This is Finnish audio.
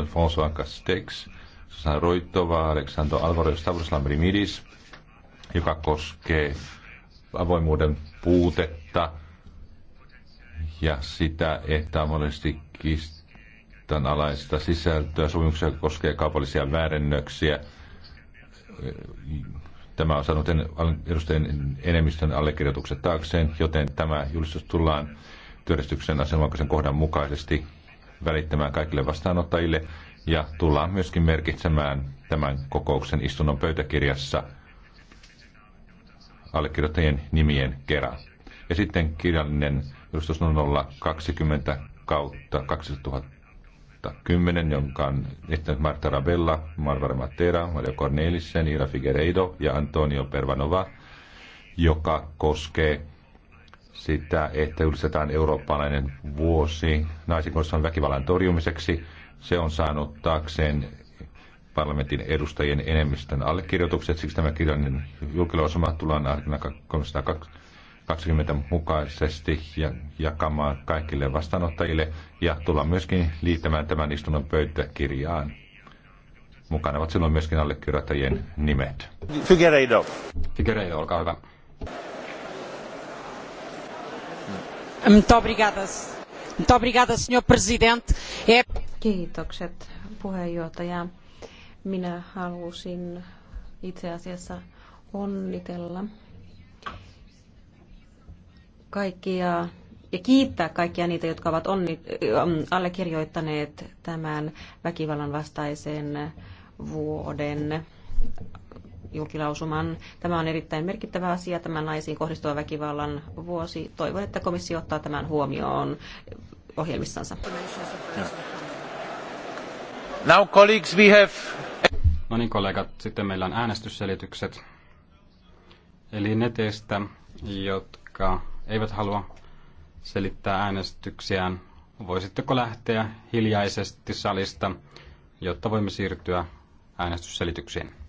Alfonso Castex, Susan Roitova, Aleksandro Alvarez Stavros Lambrimidis, joka koskee avoimuuden puutetta ja sitä, että on monesti kistanalaista sisältöä, sopimuksia, koskee kaupallisia väärennöksiä. Tämä on saanut edustajien enemmistön allekirjoitukset taakseen, joten tämä julistus tullaan työllistyksen asianmukaisen kohdan mukaisesti välittämään kaikille vastaanottajille ja tullaan myöskin merkitsemään tämän kokouksen istunnon pöytäkirjassa allekirjoittajien nimien kerran. Ja sitten kirjallinen edustus 020 kautta 2010, jonka on esittänyt Marta Rabella, Marvara Matera, Mario Cornelissen, Ira Figueiredo ja Antonio Pervanova, joka koskee sitä, että julistetaan eurooppalainen vuosi naisen kohdassaan väkivallan torjumiseksi. Se on saanut taakseen parlamentin edustajien enemmistön allekirjoitukset. Siksi tämä kirjallinen julkilausuma tullaan artikla 320 mukaisesti ja jakamaan kaikille vastaanottajille ja tullaan myöskin liittämään tämän istunnon pöytäkirjaan. Mukana ovat silloin myöskin allekirjoittajien nimet. Figueiredo. Figueiredo, olkaa hyvä. Kiitokset puheenjohtaja. Minä halusin itse asiassa onnitella kaikkia ja kiittää kaikkia niitä, jotka ovat onni, ähm, allekirjoittaneet tämän väkivallan vastaisen vuoden julkilausuman. Tämä on erittäin merkittävä asia, tämän naisiin kohdistuvan väkivallan vuosi. Toivon, että komissio ottaa tämän huomioon ohjelmissansa. Now colleagues, we have... No niin kollegat, sitten meillä on äänestysselitykset. Eli ne teistä, jotka eivät halua selittää äänestyksiään, voisitteko lähteä hiljaisesti salista, jotta voimme siirtyä äänestysselityksiin.